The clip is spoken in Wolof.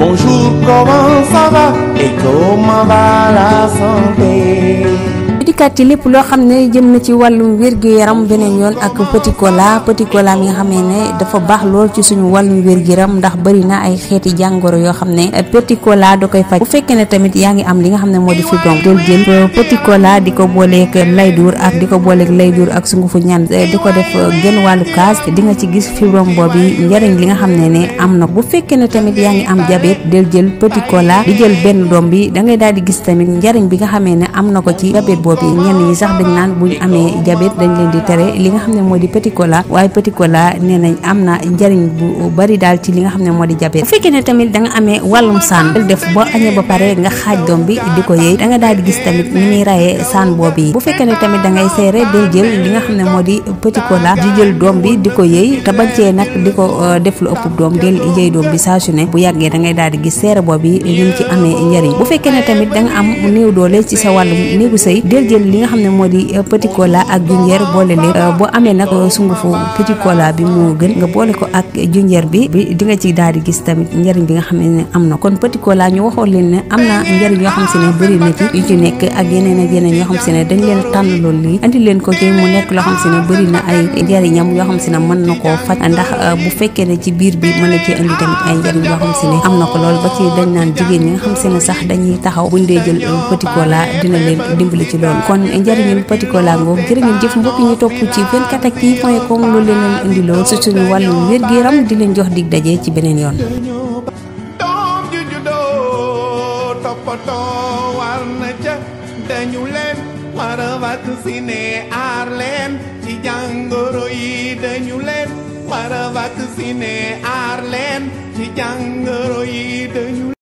Bonjour, comment ça va et comment va la santé dikkaat ci lépp loo xam ne jëm na ci wàllum wér-gu-yaram beneen yoon ak petit cola petit cola mi nga xam ne dafa baax lool ci suñu wàllum wér gi yaram ndax bëri na ay xeeti jàngoro yoo xam ne petit cola da koy faj bu ne tamit yaa ngi am li nga xam ne moo di fibrom dool jël petit cola di ko booleeg layduur ak di ko booleeg layduur ak sungufu ñaan eh, di ko def genn wàllu kaas di nga ci gis fibrom boobu njariñ li nga xam ne ne am na bu fekkee ne tamit yaa ngi am diabète del jël petit cola di jël benn doom bi da ngay daal di gis tamit njëriñ bi nga xamee ne am na ko ci diabète boobu ñenn ñi sax dañ naan bu ñu amee diabète dañ leen di tere li nga xam ne moo di petit cola waaye petit cola nee nañ am na njariñ bu bari daal ci li nga xam ne moo di diabète bu fekkee ne tamit da nga amee wàllum saan def boo añee ba pare nga xaaj doom bi di ko yëy da nga daal di gis tamit ni muy rayee saan boobu yi bu fekkee ne tamit da ngay seere del jël li xam ne moo di petit cola di jël doom bi di ko yëy te bañ cee nag di ko euh, def lu doom del yëy bi saa su ne bu yàggee da daal di gis seere boobu yi ñu ci amee njariñ bu fekkee ne tamit da am néew doole ci sa wàllum néegu sëy del jël li nga xam ne moo di euh, petit cola ak junjeer boole leen euh, boo amee nag sungufu petit cola bi moo gën nga boole ko ak junjeer bi bi di nga ci daal di gis tamit njëriñ bi nga xam ne am na kon petit cola ñu waxoon leen ne am na njëriñ yoo xam si ne bëri na ci ci nekk ak yeneen ak yeneen xam si ne dañ leen tànn loolu lii leen ko ci mu nekk loo xam si ne bëri na ay njëriñam yoo xam si ne mën na koo faj ndax euh, bu fekkee ne ci biir bi mën na ci andi tamit ay njëriñ yoo xam si ne am na ko lool ba ci dañ naan jigéen ñi nga xam si ne sax dañuy taxaw buñ dee jël petit cola dina leen dimbali ci loolu kon njëriñul petit cola ngoog jërë ngeen jëf mbokk ñu di leen jox dig daje ci beneen yoon. toppatoo war na ca dañu leen war a vacciner aar leen ci jàngoro yi dañu leen war a vacciner aar leen ci jàngoro yi dañu